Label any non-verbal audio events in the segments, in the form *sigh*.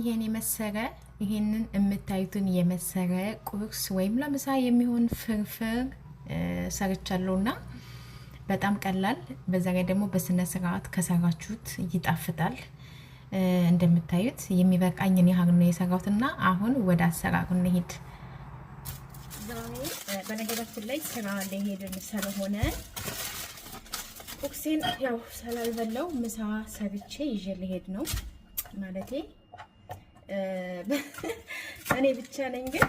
ይሄን የመሰለ ይሄንን የምታዩትን የመሰረ ቁርስ ወይም ለምሳ የሚሆን ፍርፍር ሰርቻለሁ ሰርቻለሁና በጣም ቀላል፣ በዛ ላይ ደግሞ በስነ ስርዓት ከሰራችሁት ይጣፍጣል። እንደምታዩት የሚበቃኝን ያህል ነው የሰራሁት እና አሁን ወደ አሰራሩ እንሄድ። በነገራችን ላይ ስራ ለሄድን ስለሆነ ቁርሴን ያው ስላልበላው ምሳ ሰርቼ ይዤ ልሄድ ነው ማለቴ እኔ ብቻ ነኝ ግን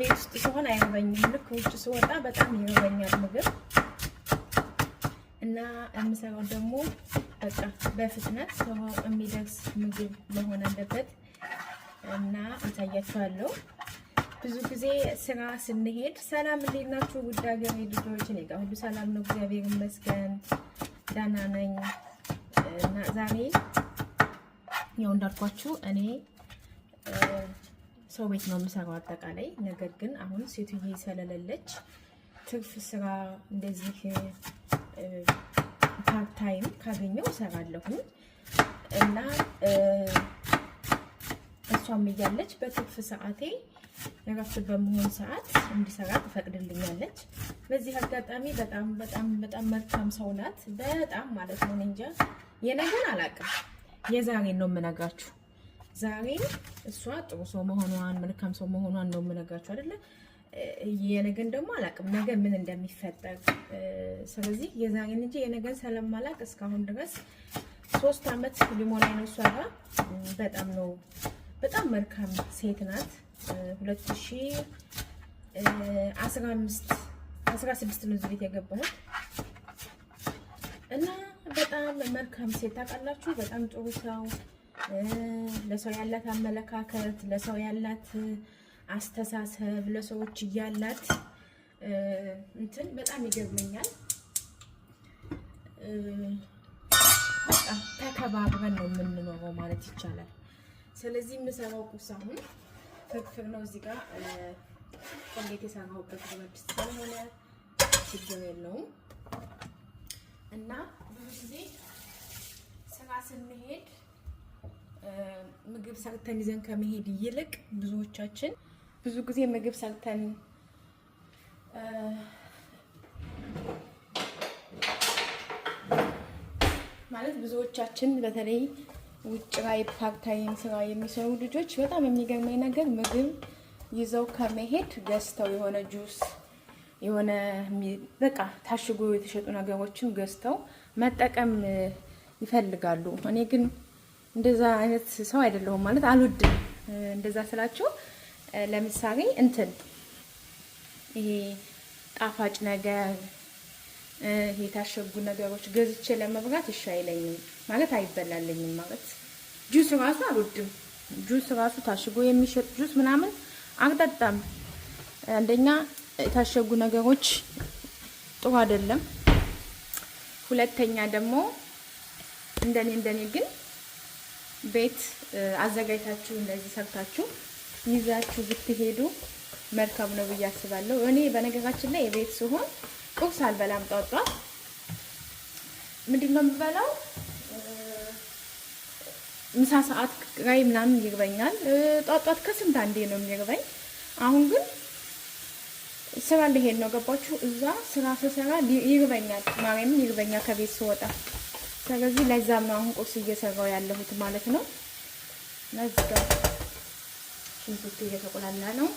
ቤት ውስጥ ሲሆን አይርበኝም። ልክ ውጭ ስወጣ በጣም ይርበኛል ምግብ እና የምሰራው ደግሞ በቃ በፍጥነት ሰው የሚደርስ ምግብ መሆን አለበት እና አሳያችኋለሁ። ብዙ ጊዜ ስራ ስንሄድ ሰላም እንዴት ናችሁ? ውድ ሀገሬ ልጆች፣ እኔ ጋር ሁሉ ሰላም ነው፣ እግዚአብሔር ይመስገን ደህና ነኝ። እና ዛሬ ያው እንዳልኳችሁ እኔ ሰው ቤት ነው የምሰራው አጠቃላይ። ነገር ግን አሁን ሴትዬ ስለሌለች ትርፍ ስራ እንደዚህ ፓርት ታይም ካገኘው እሰራለሁ እና እሷም እያለች በትርፍ ሰዓቴ እረፍት በመሆን ሰዓት እንዲሰራ ትፈቅድልኛለች። በዚህ አጋጣሚ በጣም በጣም በጣም መልካም ሰው ናት። በጣም ማለት ነው እንጃ የነገን አላውቅም፣ የዛሬን ነው የምነግራችሁ። ዛሬ እሷ ጥሩ ሰው መሆኗን መልካም ሰው መሆኗን ነው የምነግራችሁ አይደለ? የነገን ደግሞ አላቅም፣ ነገ ምን እንደሚፈጠር። ስለዚህ የዛሬን እንጂ የነገን ስለማላቅ እስካሁን ድረስ ሶስት አመት ሊሞላ ነው እሷ ጋር። በጣም ነው በጣም መልካም ሴት ናት። ሁለት ሺ አስራ አምስት አስራ ስድስት ነው እዚህ ቤት የገባሁት እና በጣም መልካም ሴት ታውቃላችሁ፣ በጣም ጥሩ ሰው ለሰው ያላት አመለካከት፣ ለሰው ያላት አስተሳሰብ፣ ለሰዎች እያላት እንትን በጣም ይገርመኛል። ተከባብረን ነው የምንኖረው ማለት ይቻላል። ስለዚህ የምሰራው ቁስ አሁን ፍርፍር ነው። እዚህ ጋር ቆንዴት የሰራሁበት በድስት ስለሆነ ችግር የለውም እና ብዙ ጊዜ ስራ ስንሄድ ምግብ ሰርተን ይዘን ከመሄድ ይልቅ ብዙዎቻችን ብዙ ጊዜ ምግብ ሰርተን ማለት ብዙዎቻችን በተለይ ውጭ ላይ ፓርታይም ስራ የሚሰሩ ልጆች በጣም የሚገርመኝ ነገር ምግብ ይዘው ከመሄድ ገዝተው የሆነ ጁስ የሆነ በቃ ታሽጎ የተሸጡ ነገሮችን ገዝተው መጠቀም ይፈልጋሉ። እኔ ግን እንደዛ አይነት ሰው አይደለሁም ማለት አልወድም። እንደዛ ስላችሁ ለምሳሌ እንትን ይሄ ጣፋጭ ነገር የታሸጉ ነገሮች ገዝቼ ለመብላት እሺ አይለኝም ማለት አይበላልኝም ማለት ጁስ ራሱ አልወድም። ጁስ ራሱ ታሽጎ የሚሸጥ ጁስ ምናምን አልጠጣም። አንደኛ የታሸጉ ነገሮች ጥሩ አይደለም። ሁለተኛ ደግሞ እንደኔ እንደኔ ግን ቤት አዘጋጅታችሁ እንደዚህ ሰርታችሁ ይዛችሁ ብትሄዱ መልካም ነው ብዬ አስባለሁ። እኔ በነገራችን ላይ የቤት ሲሆን ቁርስ አልበላም። ጧጧ ምንድን ነው የምበላው? ምሳ ሰዓት ላይ ምናምን ይርበኛል። ጧጧት ከስንት አንዴ ነው የሚርበኝ። አሁን ግን ስራ ልሄድ ነው ገባችሁ? እዛ ስራ ስሰራ ይርበኛል፣ ማርያምን ይርበኛል ከቤት ስወጣ ስለዚህ ለዛም ነው አሁን ቁርስ እየሰራው ያለሁት ማለት ነው። ለዛ ሽንኩርት እየተቆላላ ነው።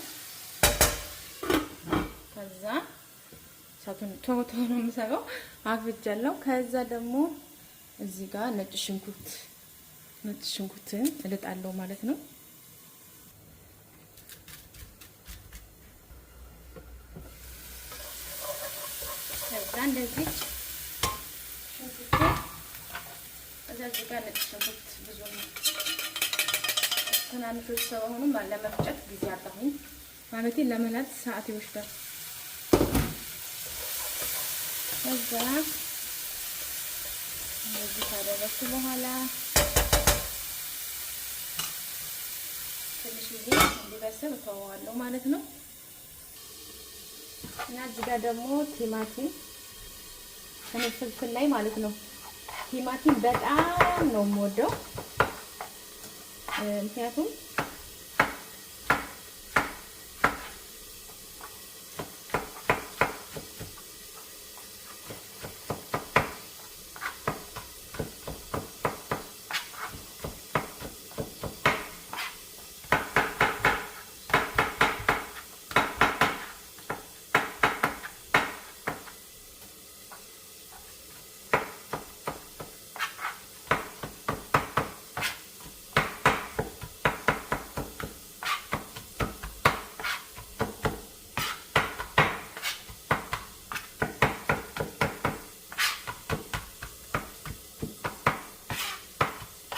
ከዛ ሳቱን ቶሎ ቶሎ ነው የምሰራው፣ አፍጃለሁ። ከዛ ደግሞ እዚህ ጋር ነጭ ሽንኩርት ነጭ ሽንኩርትን እልጣለሁ ማለት ነው። ከዛ እንደዚህ ከዛ እዚህ ጋር ነጭ ሽንኩርት ብዙ ትናንሾች ስለሆኑ ለመፍጨት ጊዜ አጣሁኝ ለመላጥ ሰዓት ይወስዳል። ከዛ እንደዚህ በኋላ ትንሽ ጊዜ እንዲበስል እተወዋለሁ ማለት ነው። እና እዚህ ጋር ደግሞ ቲማቲም ፍልፍል ላይ ማለት ነው ቲማቲም በጣም ነው የምወደው፣ ምክንያቱም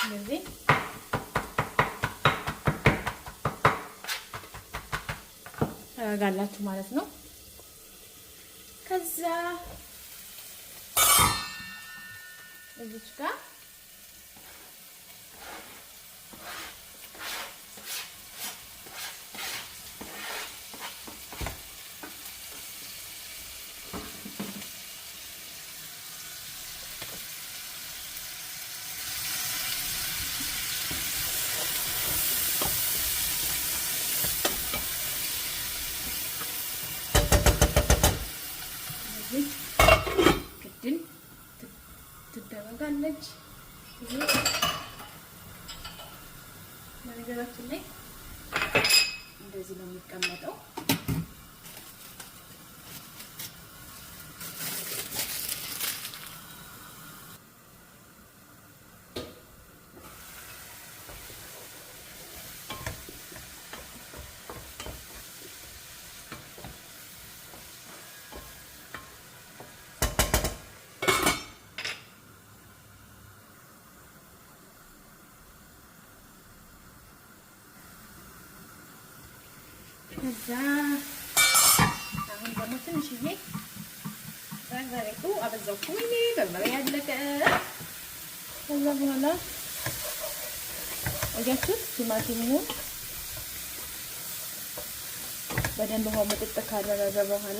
እንደዚህ ረጋላችሁ ማለት ነው። ከዛ እዚች ጋር ከዛ አሁን ደግሞ ትንሽዬ በርበሬቱ አበዛው። በርበሬ ያለቀ። ከዛ በኋላ ወዲያችሁ ቲማቲሙ በደንብ ውሃው መጥጥ ካደረገ በኋላ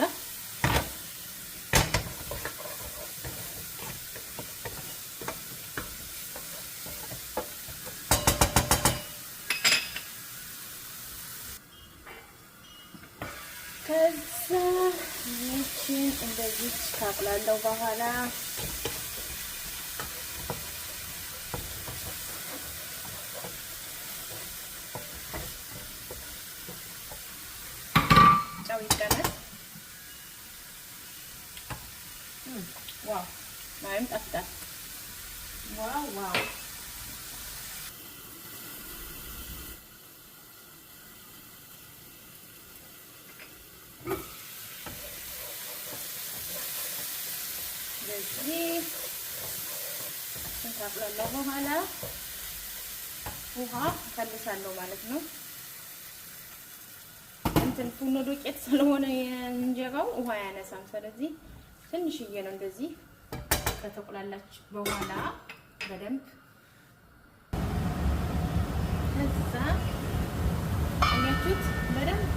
እንደዚህ ካቁላለው በኋላ ጨው ይጨመር። ዋው ማይም ጠፍጣል። ዋው ዋው ካቁላለሁ በኋላ ውሃ እፈልሳለሁ ማለት ነው። እንትን ፉርኖ ዶቄት ስለሆነ የእንጀራው ውሃ ያነሳም። ስለዚህ ትንሽዬ ነው እንደዚህ ከተቁላላች በኋላ በደንብ ከዛ እኛችት በደንብ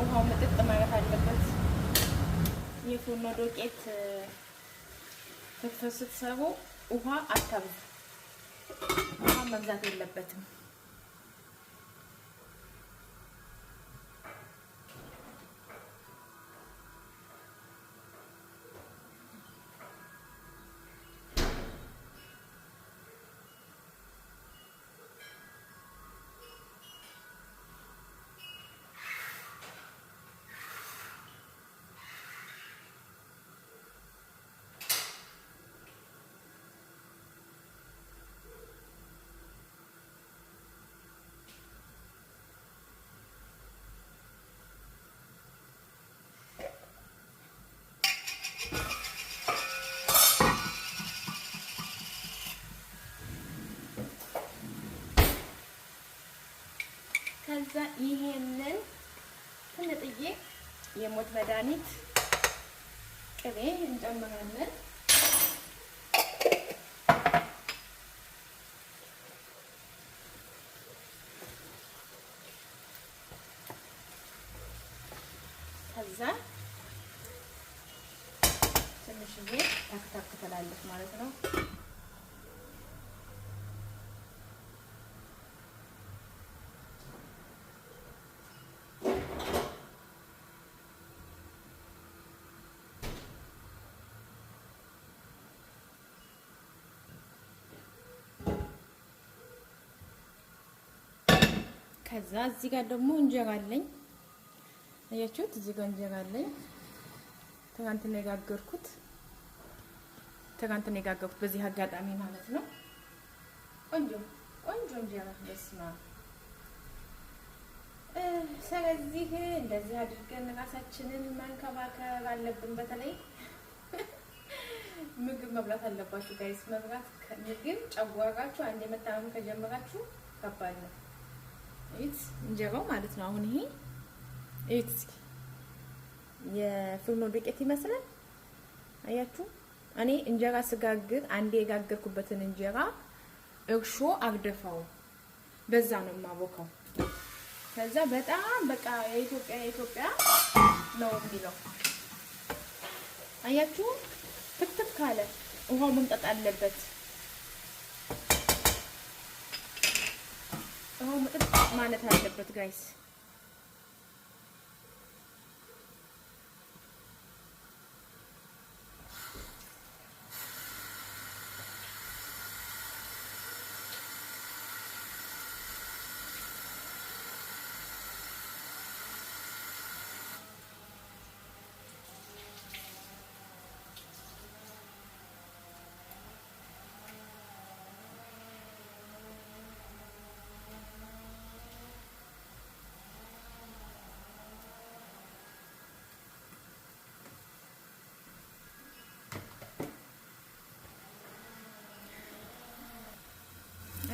ውሃው መጠጥ ማለት አለበት። የፉርኖ ዶቄት ክትፎ ውሃ አታብዙ። ውሃ መብዛት የለበትም። ከዛ ይሄንን ትንጥዬ የሞት መድኃኒት ቅቤ እንጨምራለን። ከዛ ትንሽዬ ታክታክ ትላለች ማለት ነው። ከዛ እዚህ ጋር ደግሞ እንጀራ አለኝ። አያችሁት? እዚህ ጋር እንጀራ አለኝ። ትናንትና የጋገርኩት ትናንትና የጋገርኩት በዚህ አጋጣሚ ማለት ነው። ቆንጆ ቆንጆ እንጀራ በስማ ስለዚህ እንደዚህ አድርገን ራሳችንን መንከባከብ አለብን። በተለይ *laughs* ምግብ መብላት አለባችሁ ጋይስ። መብላት ምግብ ጨጓራችሁ አንድ የመታመም ከጀመራችሁ ከባድ ነው። እዩት፣ እንጀባው ማለት ነው። አሁን ይሄ እዩት እስኪ የፍርኖ ዱቄት ይመስላል። አያችሁ፣ እኔ እንጀራ ስጋግር አንዴ የጋገርኩበትን እንጀራ እርሾ አግደፋው በዛ ነው የማቦካው። ከዛ በጣም በቃ የኢትዮጵያ የኢትዮጵያ ነው የሚለው አያችሁ፣ ፍትፍ ካለ ውሃው መምጠጥ አለበት። ውሃው ምጥጥ ማለት አለበት ጋይስ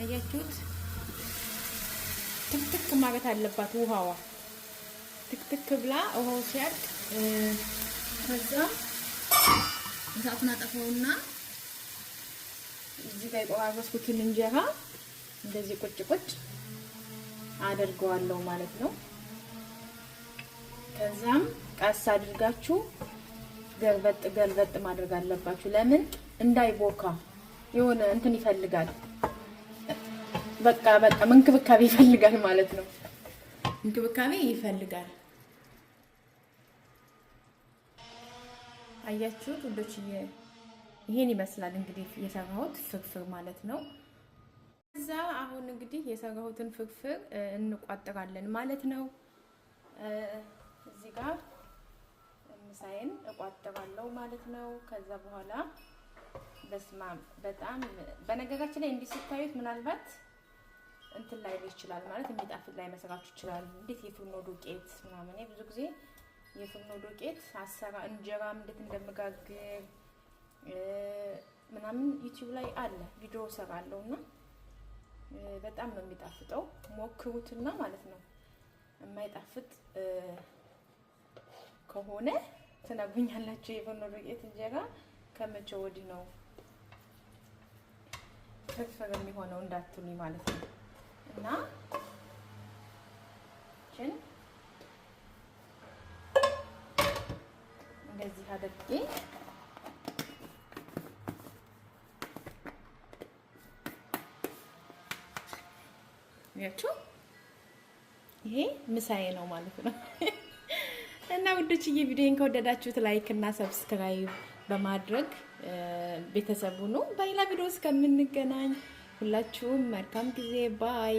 አያችሁት? ትክትክ ማለት አለባት ውሃዋ ትክትክ ብላ ውሃው ሲያልቅ ከዛ እሳቱን አጠፋውና እዚህ ጋር የቆራረስኩትን እንጀራ እንደዚህ ቁጭ ቁጭ አደርገዋለሁ ማለት ነው። ከዛም ቀስ አድርጋችሁ ገልበጥ ገልበጥ ማድረግ አለባችሁ። ለምን እንዳይቦካ የሆነ እንትን ይፈልጋል። በቃ በቃ እንክብካቤ ይፈልጋል ማለት ነው። እንክብካቤ ይፈልጋል። አያችሁት ውዶች፣ ይሄን ይመስላል እንግዲህ የሰራሁት ፍርፍር ማለት ነው። እዛ አሁን እንግዲህ የሰራሁትን ፍርፍር እንቋጥራለን ማለት ነው። እዚህ ጋር ምሳዬን እቋጥራለሁ ማለት ነው። ከዛ በኋላ በስማም በጣም በነገራችን ላይ እንዲህ ስታዩት ምናልባት እንትን ላይ ይችላል ማለት የሚጣፍጥ ላይ መሰራችሁ ይችላል። እንዴት የፍርኖ ዱቄት ምናምን ብዙ ጊዜ የፍርኖ ዱቄት አሰራ እንጀራ እንዴት እንደምጋግር ምናምን ዩቲዩብ ላይ አለ ቪዲዮ ሰራለሁ እና በጣም ነው የሚጣፍጠው። ሞክሩትና ማለት ነው። የማይጣፍጥ ከሆነ ትነግሩኛላችሁ። የፍርኖ ዱቄት እንጀራ ከመቼ ወዲህ ነው ፍርፍር የሚሆነው እንዳትሉኝ ማለት ነው። እና ችን እንደዚህ አድርጌ ያቸው ይሄ ምሳዬ ነው ማለት ነው። እና ውዶችዬ ቪዲዮን ከወደዳችሁት ላይክ እና ሰብስክራይብ በማድረግ ቤተሰቡ ነው። በሌላ ቪዲዮ እስከምንገናኝ ሁላችሁም መልካም ጊዜ ባይ